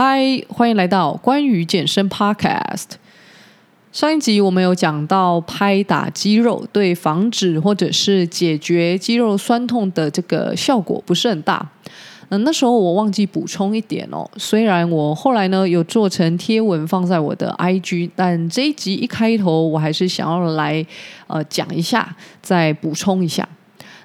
嗨，歡迎來到關於健身 Podcast。上一集我們有講到拍打肌肉，對防止或者是解決肌肉痠痛的這個效果不是很大。嗯，那時候我忘記補充一點哦。雖然我後來呢有做成貼文放在我的 IG，但這一集一開頭我還是想要來呃講一下，再補充一下。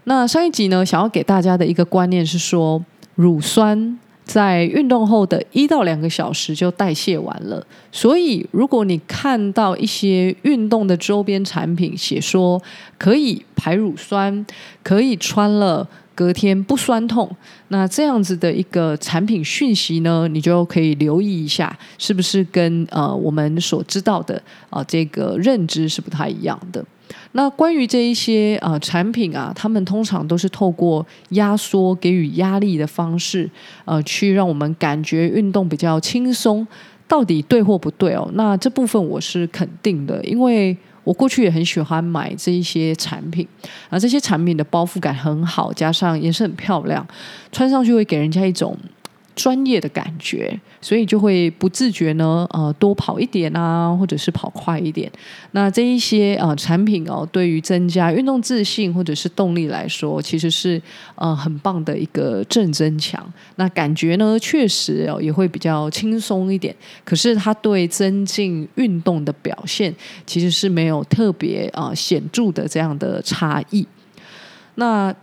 那上一集呢，想要給大家的一個觀念是說乳酸。在運動後的一到兩個小時就代謝完了，所以如果你看到一些運動的周邊產品寫說可以排乳酸，可以穿了隔天不酸痛，那這樣子的一個產品訊息呢，你就可以留意一下，是不是跟呃我們所知道的啊這個認知是不太一樣的。那關於這一些呃產品啊，他們通常都是透過壓縮給予壓力的方式，呃，去讓我們感覺運動比較輕鬆。到底對或不對哦？那這部分我是肯定的，因為我過去也很喜歡買這一些產品，啊、呃，這些產品的包覆感很好，加上也是很漂亮，穿上去會給人家一種。專業的感覺，所以就會不自覺呢，呃，多跑一點啊，或者是跑快一點。那這一些啊、呃、產品哦，對於增加運動自信或者是動力來說，其實是呃很棒的一個正增強。那感覺呢，確實哦也會比較輕鬆一點。可是它對增進運動的表現，其實是沒有特別啊、呃、顯著的這樣的差異。那。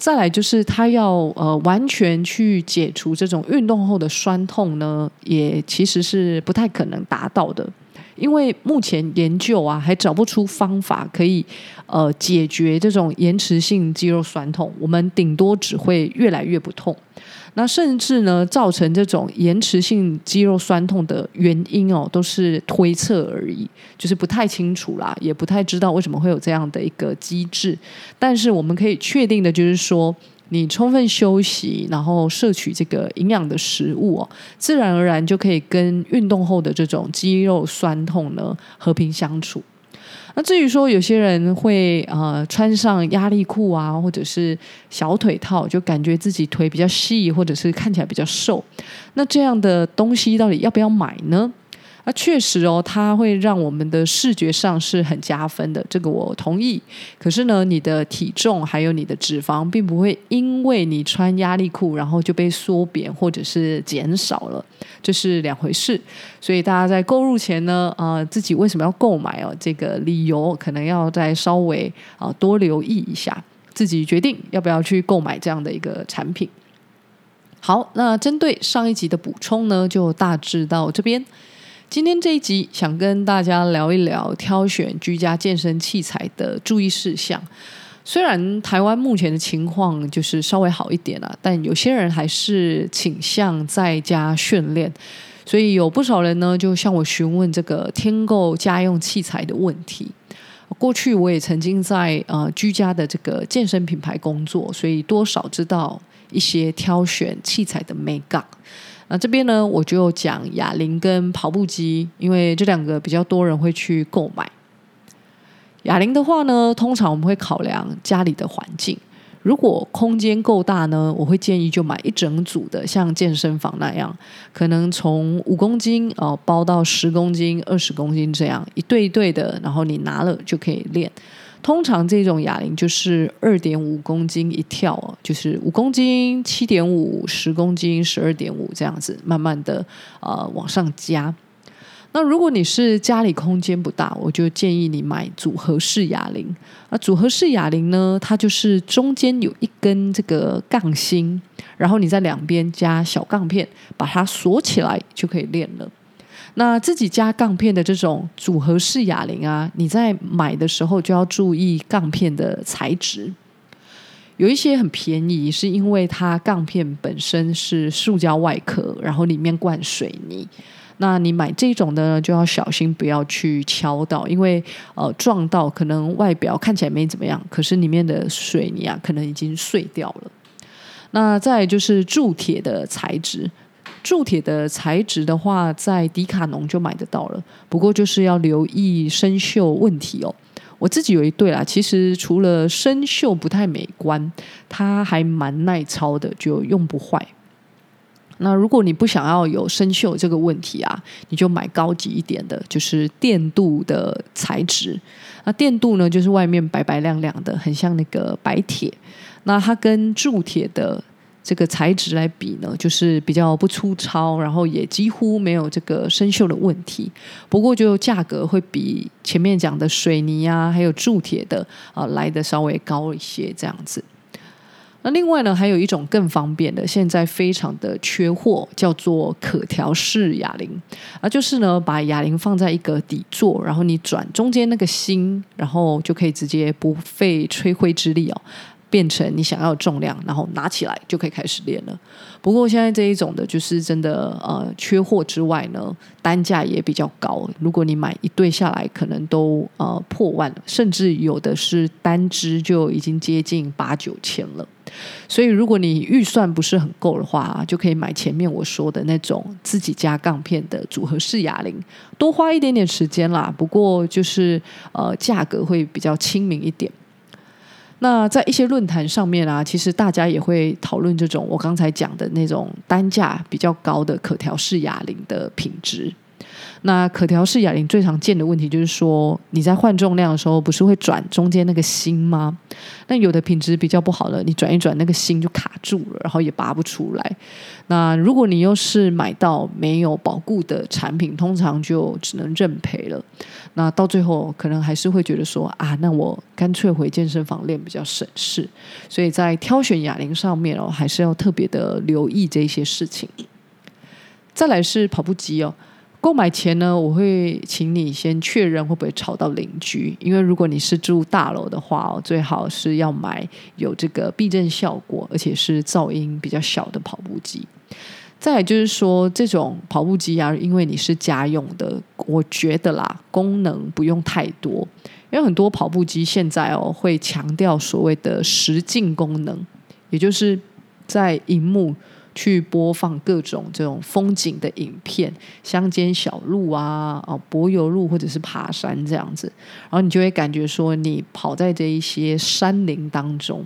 再來就是，他要呃完全去解除這種運動後的酸痛呢，也其實是不太可能達到的，因為目前研究啊還找不出方法可以呃解決這種延遲性肌肉酸痛，我們頂多只會越來越不痛。那甚至呢，造成這種延遲性肌肉痠痛的原因哦，都是推測而已，就是不太清楚啦，也不太知道為什麼會有這樣的一個機制。但是我們可以確定的就是說，你充分休息，然後攝取這個營養的食物哦，自然而然就可以跟運動後的這種肌肉痠痛呢，和平相處。那至於說有些人會呃穿上壓力褲啊，或者是小腿套，就感覺自己腿比較細，或者是看起來比較瘦，那這樣的東西到底要不要買呢？那、啊、確實哦，它會讓我們的視覺上是很加分的，這個我同意。可是呢，你的體重還有你的脂肪並不會因為你穿壓力褲然後就被縮扁或者是減少了，這是兩回事。所以大家在購入前呢，呃，自己為什麼要購買哦？這個理由可能要再稍微啊、呃、多留意一下，自己決定要不要去購買這樣的一個產品。好，那針對上一集的補充呢，就大致到這邊。今天這一集想跟大家聊一聊挑選居家健身器材的注意事項。雖然台灣目前的情況就是稍微好一點啦、啊，但有些人還是傾向在家訓練，所以有不少人呢就向我詢問這個添購家用器材的問題。過去我也曾經在呃居家的這個健身品牌工作，所以多少知道一些挑選器材的眉角。那這邊呢，我就講啞鈴跟跑步機，因為這兩個比較多人會去購買。啞鈴的話呢，通常我們會考量家裡的環境，如果空間夠大呢，我會建議就買一整組的，像健身房那樣，可能從五公斤哦包到十公斤、二十公斤這樣一對一對的，然後你拿了就可以練。通常這種啞鈴就是二點五公斤一跳，就是五公斤、七點五、十公斤、十二點五這樣子，慢慢的呃往上加。那如果你是家裡空間不大，我就建議你買組合式啞鈴。啊，組合式啞鈴呢，它就是中間有一根這個槓芯，然後你在兩邊加小槓片，把它鎖起來就可以練了。那自己加槓片的這種組合式啞鈴啊，你在買的時候就要注意槓片的材質。有一些很便宜，是因為它槓片本身是塑膠外殼，然後裡面灌水泥。那你買這種的就要小心，不要去敲到，因為呃撞到可能外表看起來沒怎麼樣，可是裡面的水泥啊可能已經碎掉了。那再就是鑄鐵的材質。鑄鐵的材質的話，在迪卡儂就買得到了，不過就是要留意生鏽問題哦。我自己有一對啦，其實除了生鏽不太美觀，它還蠻耐操的，就用不壞。那如果你不想要有生鏽這個問題啊，你就買高級一點的，就是電鍍的材質。那電鍍呢，就是外面白白亮亮的，很像那個白鐵。那它跟鑄鐵的，這個材質來比呢，就是比較不粗糙，然後也幾乎沒有這個生鏽的問題。不過就價格會比前面講的水泥啊，還有鑄鐵的啊，來得稍微高一些這樣子。那另外呢，還有一種更方便的，現在非常的缺貨，叫做可調式啞鈴啊，就是呢把啞鈴放在一個底座，然後你轉中間那個芯，然後就可以直接不費吹灰之力哦。變成你想要的重量，然後拿起來就可以開始練了。不過現在這一種的，就是真的呃缺貨之外呢，單價也比較高。如果你買一對下來，可能都呃破萬了，甚至有的是單隻就已經接近八九千了。所以如果你預算不是很夠的話，就可以買前面我說的那種自己加槓片的組合式啞鈴，多花一點點時間啦。不過就是呃價格會比較親民一點。那在一些論壇上面啊，其實大家也會討論這種我剛才講的那種單價比較高的可調式啞鈴的品質。那可調式啞鈴最常見的問題就是說，你在換重量的時候，不是會轉中間那個芯嗎？那有的品質比較不好的，你轉一轉那個芯就卡住了，然後也拔不出來。那如果你又是買到沒有保固的產品，通常就只能認賠了。那到最後，可能還是會覺得說啊，那我乾脆回健身房練比較省事。所以在挑選啞鈴上面哦，還是要特別的留意這些事情。再來是跑步機哦。購買前呢，我會請你先確認會不會吵到鄰居，因為如果你是住大樓的話哦，最好是要買有這個避震效果，而且是噪音比較小的跑步機。再來就是說，這種跑步機啊，因為你是家用的，我覺得啦，功能不用太多，因為很多跑步機現在哦會強調所謂的實境功能，也就是在熒幕。去播放各種這種風景的影片，鄉間小路啊，哦柏油路或者是爬山這樣子，然後你就會感覺說你跑在這一些山林當中。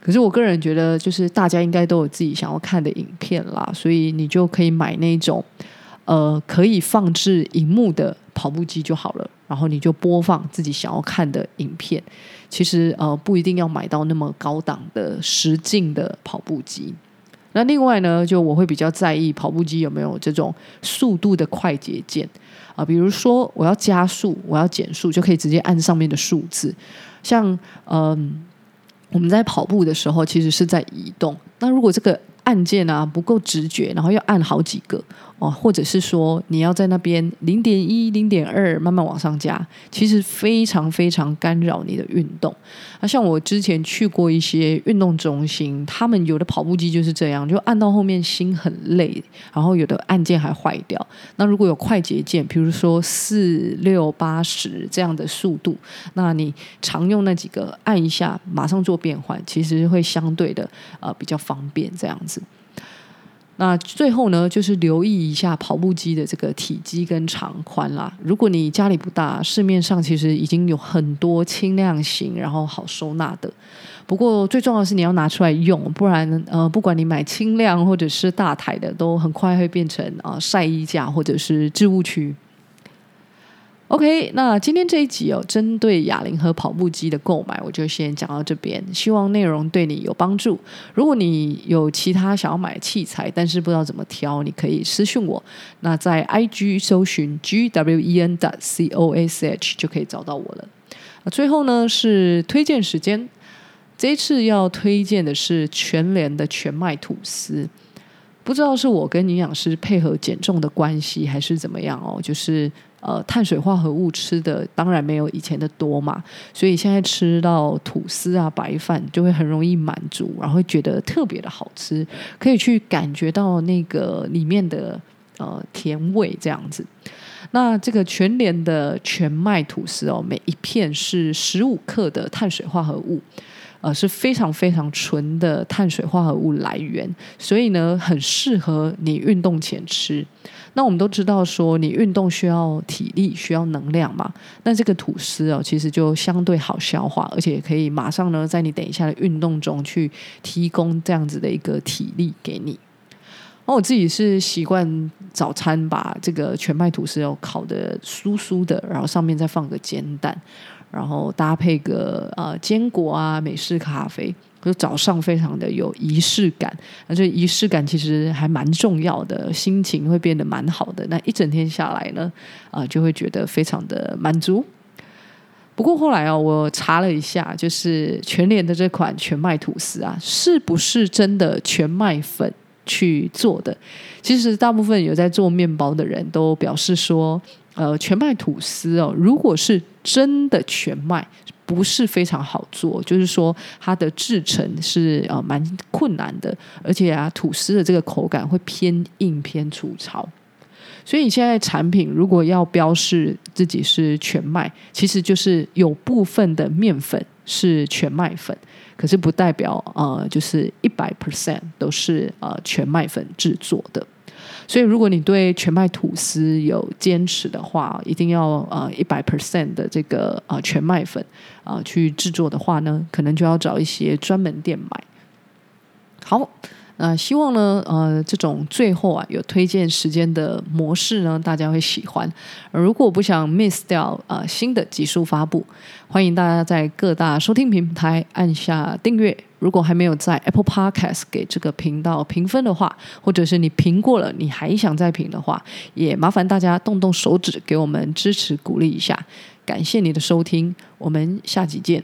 可是我個人覺得，就是大家應該都有自己想要看的影片啦，所以你就可以買那種呃可以放置熒幕的跑步機就好了，然後你就播放自己想要看的影片。其實呃不一定要買到那麼高檔的實境的跑步機。那另外呢，就我會比較在意跑步機有沒有這種速度的快捷鍵啊、呃，比如說我要加速，我要減速，就可以直接按上面的數字。像嗯、呃，我們在跑步的時候其實是在移動，那如果這個按鍵啊不夠直覺，然後要按好幾個。哦，或者是說你要在那邊零點一、零點二慢慢往上加，其實非常非常干擾你的運動。那像我之前去過一些運動中心，他們有的跑步機就是這樣，就按到後面心很累，然後有的按鍵還壞掉。那如果有快捷鍵，比如說四、六、八、十這樣的速度，那你常用那幾個按一下，馬上做變換，其實會相對的呃比較方便這樣子。那最後呢，就是留意一下跑步機的這個體積跟長寬啦。如果你家裡不大，市面上其實已經有很多輕量型，然後好收納的。不過最重要的是你要拿出來用，不然呃，不管你買輕量或者是大台的，都很快會變成啊、呃、曬衣架或者是置物區。OK，那今天這一集哦，針對啞鈴和跑步機的購買，我就先講到這邊。希望內容對你有幫助。如果你有其他想要買的器材，但是不知道怎麼挑，你可以私訊我。那在 IG 搜尋 G W E N dot coach 就可以找到我了。最後呢，是推薦時間，這一次要推薦的是全聯的全麥吐司。不知道是我跟營養師配合減重的關係，還是怎麼樣哦？就是。呃，碳水化合物吃的當然沒有以前的多嘛，所以現在吃到吐司啊、白飯就會很容易滿足，然後會覺得特別的好吃，可以去感覺到那個裡面的呃甜味這樣子。那這個全聯的全麥吐司哦，每一片是十五克的碳水化合物。呃，是非常非常純的碳水化合物來源，所以呢，很適合你運動前吃。那我們都知道說，你運動需要體力，需要能量嘛。那這個吐司哦，其實就相對好消化，而且可以馬上呢，在你等一下的運動中去提供這樣子的一個體力給你。那我自己是習慣早餐把這個全麥吐司要、哦、烤得酥酥的，然後上面再放個煎蛋。然後搭配個啊、呃，堅果啊，美式咖啡，就早上非常的有儀式感。那這儀式感其實還蠻重要的，心情會變得蠻好的。那一整天下來呢，啊、呃，就會覺得非常的滿足。不過後來啊、哦，我查了一下，就是全聯的這款全麥吐司啊，是不是真的全麥粉去做的？其實大部分有在做面包的人都表示說，呃，全麥吐司哦，如果是真的全麥，不是非常好做，就是說它的製程是呃蠻困難的，而且啊，吐司的這個口感會偏硬偏粗糙。所以你現在產品如果要標示自己是全麥，其實就是有部分的麵粉是全麥粉，可是不代表呃就是一百 percent 都是呃全麥粉製作的。所以，如果你對全麥吐司有堅持的話，一定要呃一百 percent 的這個呃全麥粉啊去製作的話呢，可能就要找一些專門店買。好。那、呃、希望呢，呃，這種最後啊有推薦時間的模式呢，大家會喜歡。如果不想 miss 掉啊、呃、新的集數發布，歡迎大家在各大收聽平台按下訂閱。如果還沒有在 Apple Podcast 給這個頻道評分的話，或者是你評過了，你還想再評的話，也麻煩大家動動手指給我們支持鼓勵一下。感謝你的收聽，我們下集見。